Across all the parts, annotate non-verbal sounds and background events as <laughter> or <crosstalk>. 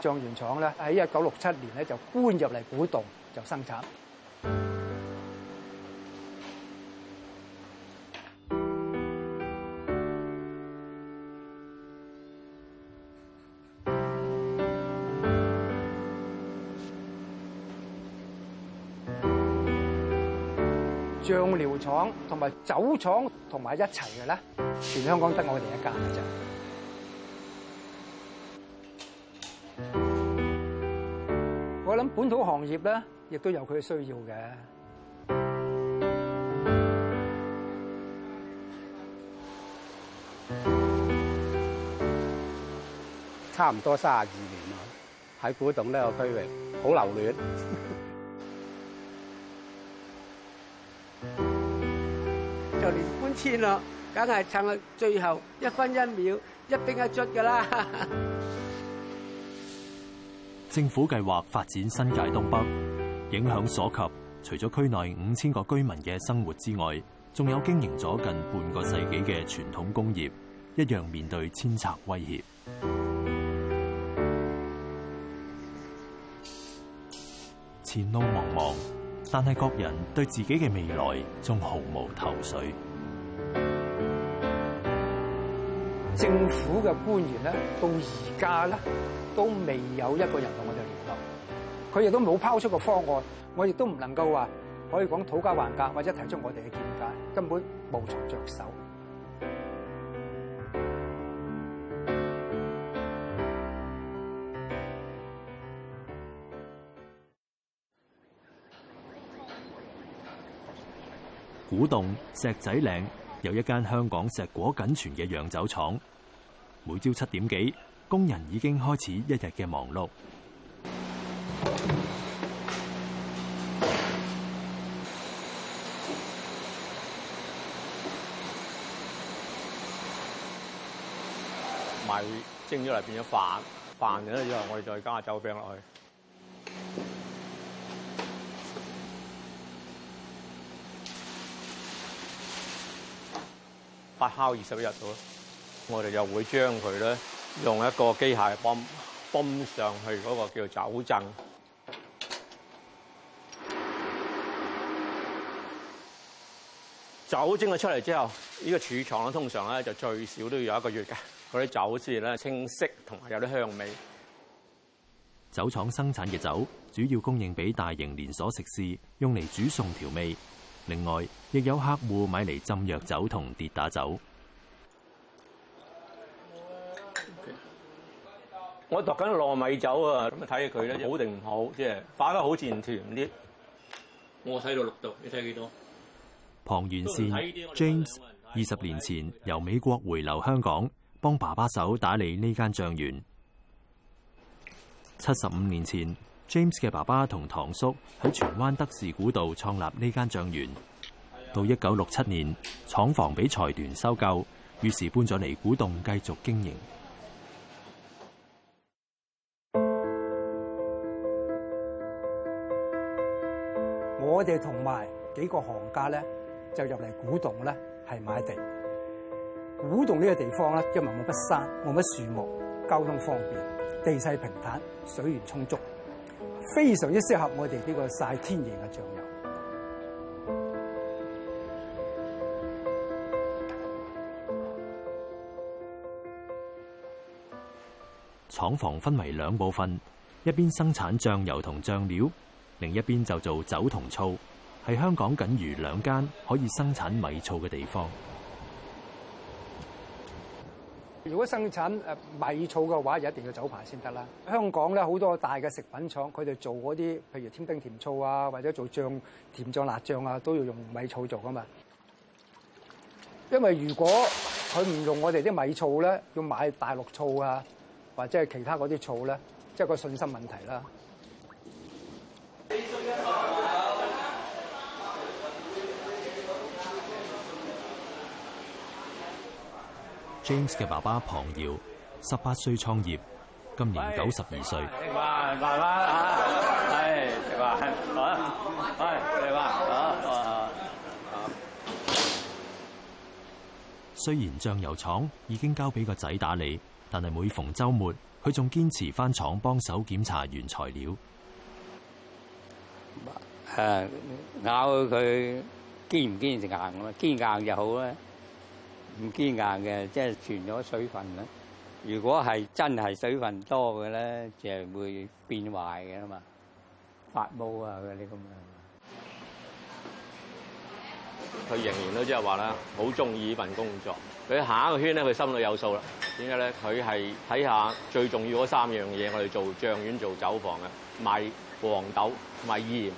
醬園廠咧喺一九六七年咧就搬入嚟古洞，就生產醬料廠同埋酒廠同埋一齊嘅咧，全香港得我哋一家嘅啫。我諗本土行業咧，亦都有佢嘅需要嘅。差唔多三廿二年卅二年啦，喺古洞呢個區域好留戀 <laughs> <laughs> 就連搬遷咯，梗係撐到最後一分一秒一兵一卒噶啦。 <laughs> 政府計劃發展新界東北，影響所及，除咗區內五千個居民嘅生活之外，仲有經營咗近半個世紀嘅傳統工業，一樣面對遷拆威脅。前路茫茫，但係各人對自己嘅未來，仲毫無頭緒。政府嘅官員咧，到而家咧，都未有一個人同我哋聯絡，佢亦都冇拋出個方案，我亦都唔能夠話可以講討價還價或者提出我哋嘅見解，根本無從着手。古洞石仔嶺有一間香港碩果僅存嘅洋酒廠。每朝七點幾，工人已經開始一日嘅忙碌。賣蒸咗嚟變咗飯，飯咗之後我哋再加酒餅落去發酵二十一日到。我哋又會將佢咧用一個機械泵泵上去嗰個叫做酒蒸。酒精啊出嚟之後，呢個儲藏咧通常咧就最少都要一個月嘅，嗰啲酒先咧清晰同埋有啲香味。酒廠生產嘅酒主要供應俾大型連鎖食肆用嚟煮餸調味，另外亦有客戶買嚟浸藥酒同跌打酒。我度緊糯米酒啊，咁啊睇下佢咧，好定唔好？即係化得好自然，甜啲。我睇到六度，你睇幾多？龐元善 James 二十看年前由美國回流香港，幫爸爸手打理呢間醬園。七十五年前，James 嘅爸爸同堂叔喺荃灣德士古道創立呢間醬園。的到一九六七年，廠房俾財團收購，於是搬咗嚟古洞繼續經營。我哋同埋幾個行家咧，就入嚟古洞咧，係買地。古洞呢個地方咧，因為冇乜山、冇乜樹木，交通方便，地勢平坦，水源充足，非常之適合我哋呢個曬天然嘅醬油。廠房分為兩部分，一邊生產醬油同醬料。另一邊就做酒同醋，係香港僅餘兩間可以生產米醋嘅地方。如果生產誒米醋嘅話，一定要酒牌先得啦。香港咧，好多大嘅食品廠，佢哋做嗰啲，譬如添丁甜醋啊，或者做醬甜醬、辣醬啊，都要用米醋做噶嘛。因為如果佢唔用我哋啲米醋咧，要買大陸醋啊，或者係其他嗰啲醋咧，即係個信心問題啦。James 嘅爸爸龐堯十八歲創業，今年九十二歲。食飯。雖然醬油廠已經交俾個仔打理，但係每逢周末，佢仲堅持翻廠幫手檢查原材料。咬佢堅唔堅成硬嘅咩？堅硬就好啦。唔堅硬嘅，即係存咗水分啦。如果係真係水分多嘅咧，就會變壞嘅啦嘛，發毛啊嗰啲咁樣。佢仍然都即係話啦，好中意呢份工作。佢下一個圈咧，佢心裏有數啦。點解咧？佢係睇下最重要嗰三樣嘢，我哋做醬園、做酒房呀，賣黃豆、賣鹽。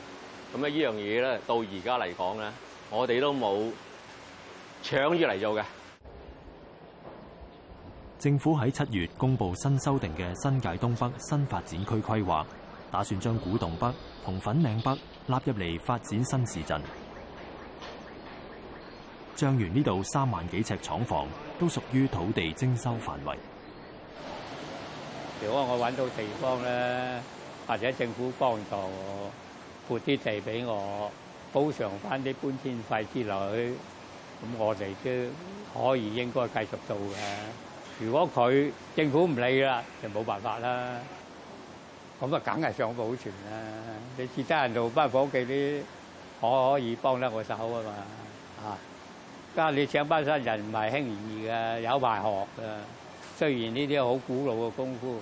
咁咧呢樣嘢咧，到而家嚟講咧，我哋都冇搶住嚟做嘅。政府喺七月公布新修訂嘅新界東北新發展區規劃，打算將古洞北同粉嶺北納入嚟發展新市鎮。將原呢度三萬幾尺廠房都屬於土地徵收範圍。如果我揾到地方咧，或者政府幫助我撥啲地俾我，補償翻啲搬遷費之類，咁我哋都可以應該繼續做嘅。如果佢政府唔理啦，就冇辦法啦。咁啊，梗係想保存啦。你接得人做班夥計啲，可可以幫得我手啊嘛。啊，家下你請班新人，唔係輕易㗎，有排學㗎。雖然呢啲係好古老嘅功夫。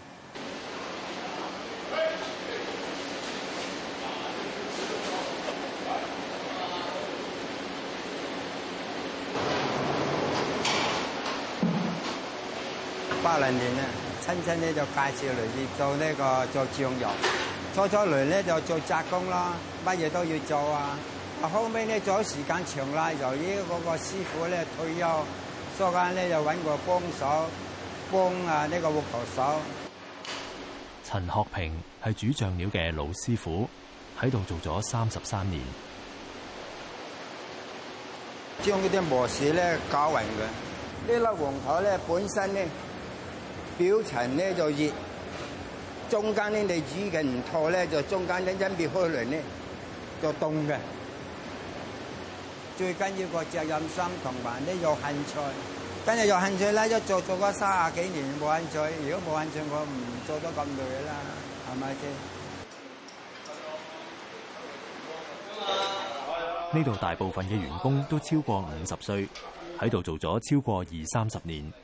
八零年咧，親戚咧就介紹嚟做呢、呢個做醬油。初初嚟咧就做雜工啦，乜嘢都要做啊。後尾咧做時間長啦，由於嗰個師傅咧退休，所以呢又搵個幫手，幫啊呢個務頭手。陳學平係煮醬料嘅老師傅，喺度做咗三十三年，將嗰啲磨豉咧搞勻佢。粒頭呢粒黃豆咧本身呢。表層咧就熱，中間咧你煮嘅唔透咧，就中間一陣裂開嚟咧就凍嘅。最緊要個責任心同埋呢有興趣。今日有興趣啦，一做做咗三十幾年，冇興趣，如果冇興趣我唔做咗咁耐啦，係咪先？呢度大部分嘅員工都超過五十歲，喺度做咗超過二三十年。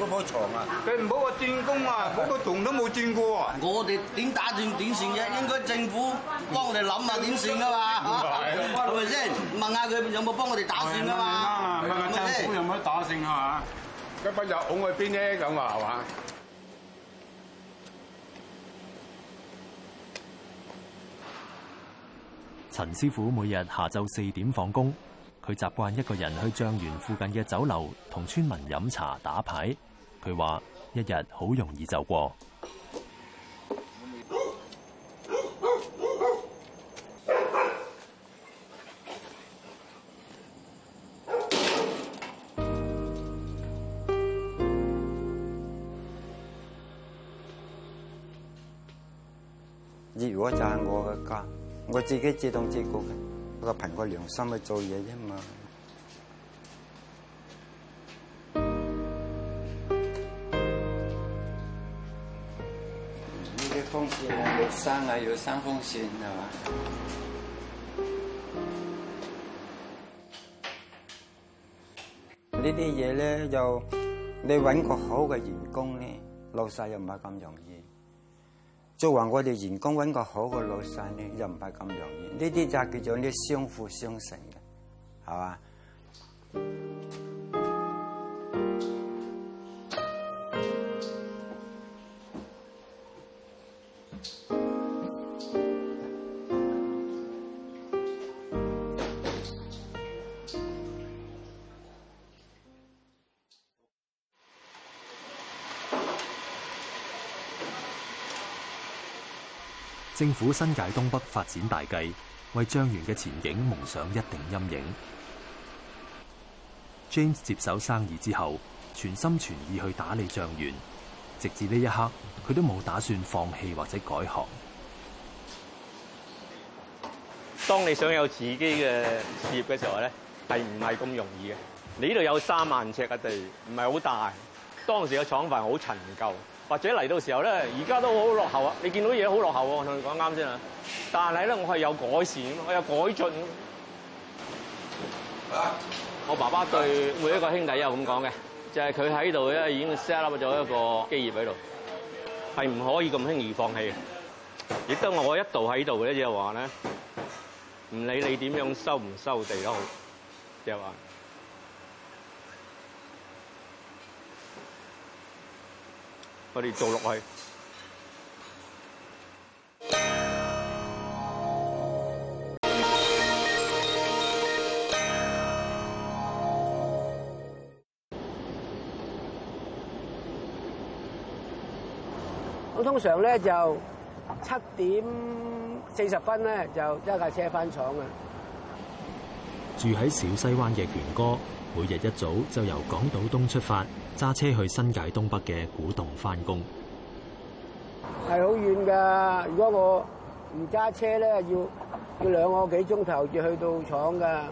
嗰樖樹啊！佢唔好轉工啊，嗰個洞都冇轉過。我哋點打算，點算，應該政府幫我哋諗下點算噶嘛？係咪先？問下佢有冇幫我哋打算嘛？問下政府有冇打算啊？一去邊咁話係嘛？陳師傅每日下晝四點放工。佢習慣一個人去醬園附近嘅酒樓同村民飲茶打牌。佢話一日好容易就過。如果就係我嘅家，我自己自動照顧嘅。不過憑個良心去做嘢啫嘛。呢啲風險有三啊，有三風險係嘛？呢啲嘢咧，就你搵個好嘅員工咧，老細又唔係咁容易。做話我哋員工揾個好嘅老細咧，又唔係咁容易。呢啲就係叫做啲相輔相成嘅，係嘛？政府新界東北發展大計，為醬園嘅前景蒙上一定陰影。James 接手生意之後，全心全意去打理醬園，直至呢一刻，佢都冇打算放棄或者改行。當你想有自己嘅事業嘅時候咧，係唔係咁容易嘅？你呢度有三萬尺嘅地，唔係好大。當時嘅廠房好陳舊。或者嚟到時候咧，而家都好落後啊！你見到嘢好落後啊，我同你講啱先啊。但係咧，我係有改善，我有改進。我爸爸對每一個兄弟又咁講嘅，就係佢喺度咧已經 set up 咗一個基業喺度，係唔可以咁輕易放棄。亦都我一度喺度嘅咧，就話咧，唔理你點樣收唔收地都好，即係話。我哋做落去。咁通常咧就七點四十分咧就一架車返廠啊！住喺小西灣嘅權哥，每日一早就由港島東出發。揸車去新界東北嘅古洞翻工，係好遠噶。如果我唔揸車咧，要要兩個幾鐘頭至去到廠噶。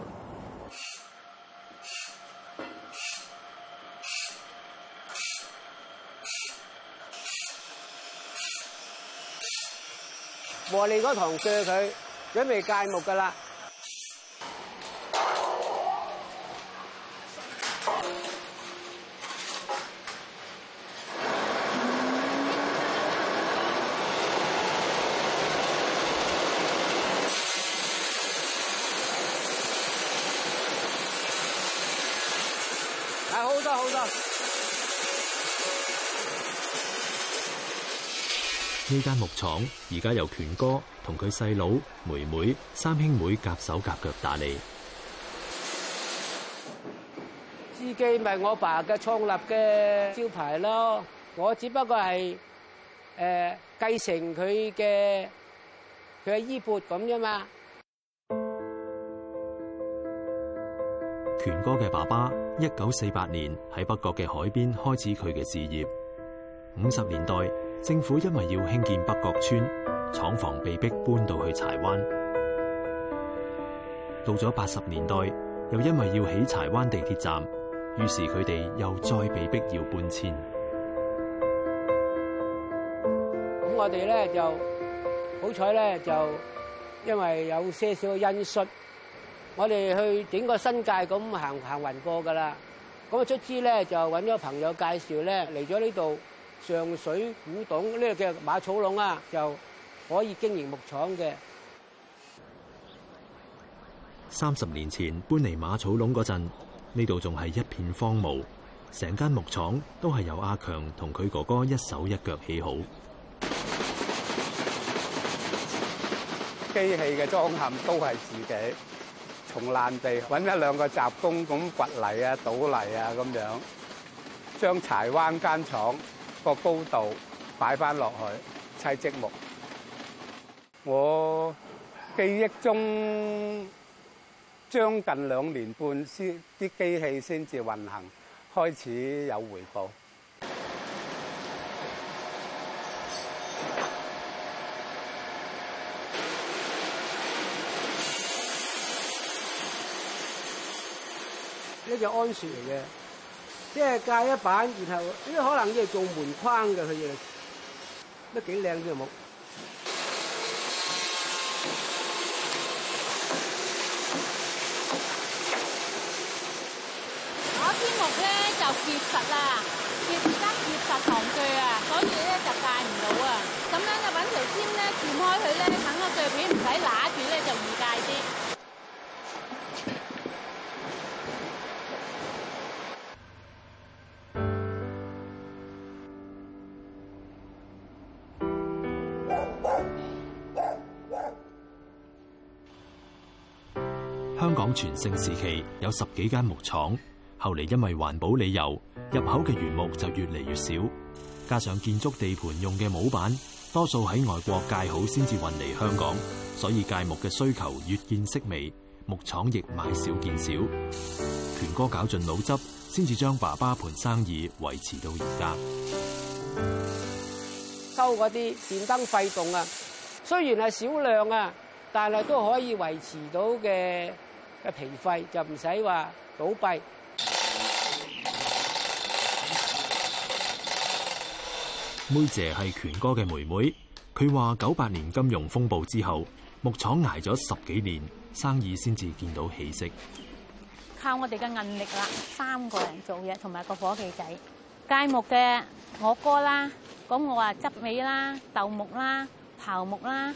和你哥同謝佢準備界目噶啦。呢間木廠而家由權哥同佢細佬、妹妹、三兄妹夾手夾腳打理。資記咪我爸嘅創立嘅招牌咯，我只不過係誒、呃、繼承佢嘅佢嘅衣缽咁啫嘛。權哥嘅爸爸一九四八年喺北角嘅海邊開始佢嘅事業，五十年代。政府因為要興建北角村廠房，被逼搬到去柴灣。到咗八十年代，又因為要起柴灣地鐵站，於是佢哋又再被逼要搬遷。咁我哋咧就好彩咧，就，呢就因為有些少嘅因素，我哋去整個新界咁行行運過噶啦。咁啊，卒之咧就揾咗朋友介紹咧，嚟咗呢度。上水古洞呢個叫馬草壟啊，就可以經營木廠嘅。三十年前搬嚟馬草壟嗰陣，呢度仲係一片荒蕪，成間木廠都係由阿強同佢哥哥一手一腳起好。機器嘅裝嵌都係自己，從爛地揾一兩個雜工咁掘泥啊、倒泥啊咁樣，將柴灣間廠。個高度擺翻落去砌積木，我記憶中將近兩年半先啲機器先至運行，開始有回報。呢隻安雪嚟嘅。即係界一板，然後呢可能即係做門框嘅佢嘢，都幾靚啲木。我啲木咧就結實啦，結得結實防鋸啊，所以咧就界唔到啊。咁樣就揾條尖咧鉗開佢咧，等個鋸片唔使揦住咧就唔界。香港全盛時期有十幾間木廠，後來因為環保理由，入口嘅原木就越嚟越少，加上建築地盤用嘅模板，多數喺外國界好先至運嚟香港，所以界木嘅需求越見式微，木廠亦買少見少。權哥搞盡腦汁，先至將爸爸盤生意維持到而家。收嗰啲電燈費用啊，雖然係少量啊，但係都可以維持到嘅。嘅皮費就唔使話倒閉。妹姐係權哥嘅妹妹，佢話九八年金融風暴之後，木廠捱咗十幾年，生意先至見到起色。靠我哋嘅韌力啦，三個人做嘢同埋個夥計仔，街木嘅我哥啦，咁我話執尾啦、豆木啦、刨木啦，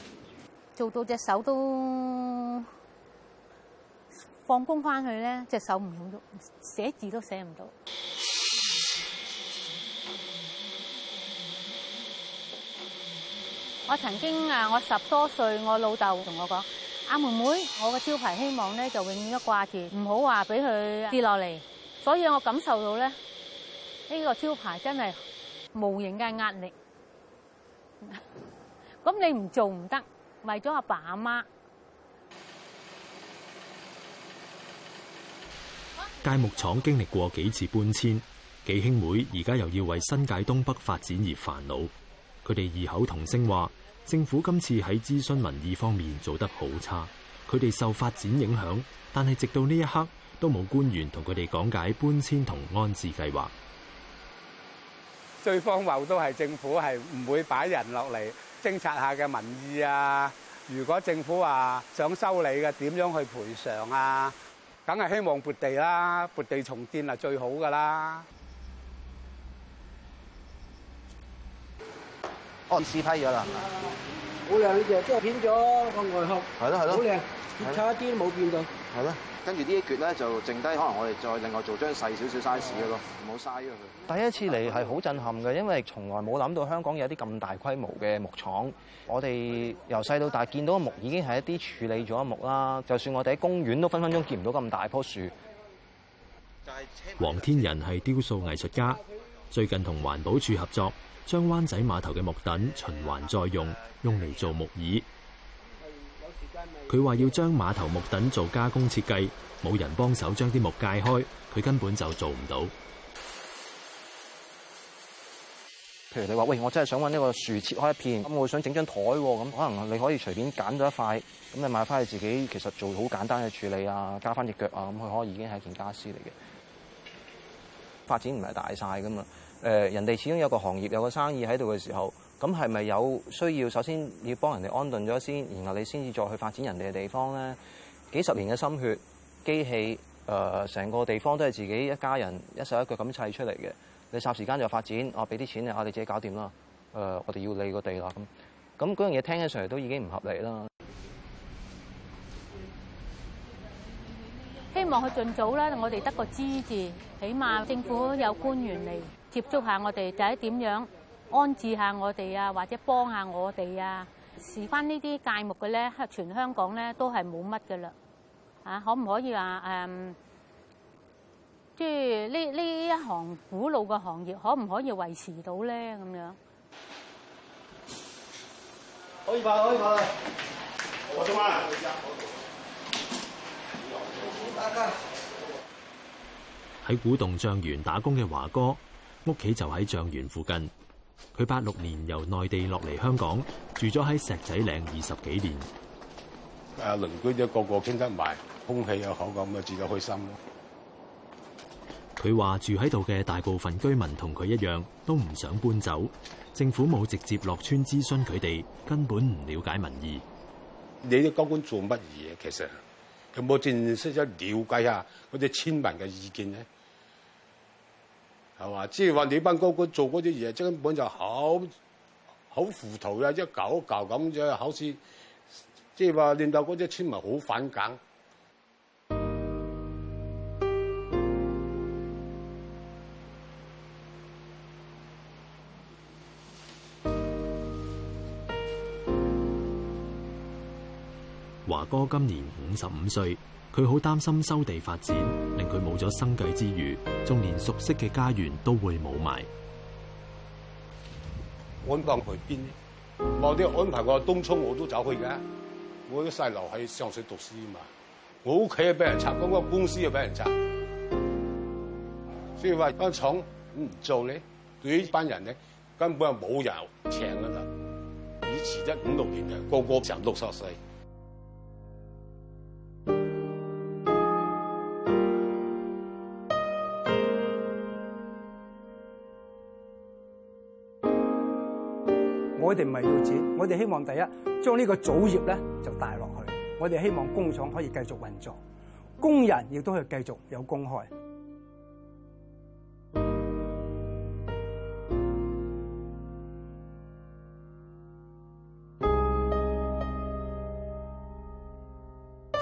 做到隻手都～放工翻去咧，隻手唔好喐，寫字都寫唔到。我曾經啊，我十多歲，我老豆同我講：阿妹妹，我嘅招牌希望咧就永遠都掛住，唔好話俾佢跌落嚟。所以我感受到咧，呢個招牌真係無形嘅壓力。咁你唔做唔得，為咗阿爸阿媽。鎅木廠經歷過幾次搬遷，幾兄妹而家又要為新界東北發展而煩惱。佢哋異口同聲話，政府今次喺諮詢民意方面做得好差。佢哋受發展影響，但係直到呢一刻都冇官員同佢哋講解搬遷同安置計劃。最荒謬都係政府係唔會擺人落嚟偵察下嘅民意啊！如果政府話、啊、想收你嘅，點樣去賠償啊？梗係希望撥地啦，撥地重建係最好噶啦。按時批咗啦，係咪？好靚呢隻，即係變咗個外殼。係咯係咯。好靚，差一啲都冇見到。係咯。跟住呢一橛咧，就剩低可能我哋再另外做張細少少 size 嘅咯，唔好嘥咗佢。第一次嚟係好震撼嘅，因為從來冇諗到香港有啲咁大規模嘅木廠。我哋由細到大見到嘅木已經係一啲處理咗嘅木啦。就算我哋喺公園都分分鐘見唔到咁大棵樹。黃天仁係雕塑藝術家，最近同環保署合作，將灣仔碼頭嘅木凳循環再用，用嚟做木椅。佢話要將碼頭木凳做加工設計，冇人幫手將啲木鋸開，佢根本就做唔到。譬如你話喂，我真係想搵呢個樹切開一片，咁我想整張台，咁可能你可以隨便揀咗一塊咁你買翻去自己，其實做好簡單嘅處理啊，加翻隻腳啊，咁佢可能已經係一件家私嚟嘅。發展唔係大晒噶嘛誒、呃，人哋始終有個行業有個生意喺度嘅時候。咁係咪有需要？首先要幫人哋安頓咗先，然後你先至再去發展人哋嘅地方咧。幾十年嘅心血、機器、呃、成個地方都係自己一家人一手一腳咁砌出嚟嘅。你霎時間就發展，我俾啲錢你，啊、我哋自己搞掂啦、呃。我哋要你個地啦。咁，咁嗰樣嘢聽起上嚟都已經唔合理啦。希望佢儘早呢，我哋得個支持，起碼政府有官員嚟接觸下我哋，第一點樣。安置下我哋啊，或者幫下我哋啊。事關呢啲界目嘅咧，全香港咧都係冇乜嘅啦。啊，可唔可以話誒，即係呢呢一行古老嘅行業，可唔可以維持到咧？咁樣可以吧？可以吧？我點啊？大家喺古洞醬園打工嘅華哥，屋企就喺醬園附近。佢八六年由內地落嚟香港，住咗喺石仔嶺二十幾年。誒，鄰居一個個傾得埋，空氣又好咁，咪住得開心咯。佢話住喺度嘅大部分居民同佢一樣，都唔想搬走。政府冇直接落村諮詢佢哋，根本唔了解民意。你啲高官做乜嘢？其實有冇正式咗了解下嗰啲村民嘅意見呢？係吧，即係話你班哥哥做嗰啲嘢，根本就好好糊塗呀！一舊一舊咁好似即係話令到嗰啲村民好反感。哥今年五十五歲，佢好擔心收地發展，令佢冇咗生計之餘，仲連熟悉嘅家園都會冇埋。安排去邊？我啲安排我東涌我都走去嘅，我個細佬喺上水讀書嘛。我屋企啊俾人拆，嗰個公司又俾人拆，所以話間廠唔做咧，對於班人咧根本係冇人請㗎啦。以前一五六年嘅，個個成六十歲。我哋唔係要錢，我哋希望第一將呢個祖業咧就帶落去。我哋希望工廠可以繼續運作，工人亦都係繼續有工開。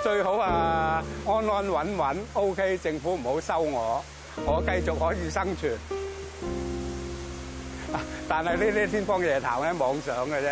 最好啊，安安穩穩，OK，政府唔好收我，我繼續可以生存。但係呢啲天方夜譚咧，妄想嘅啫。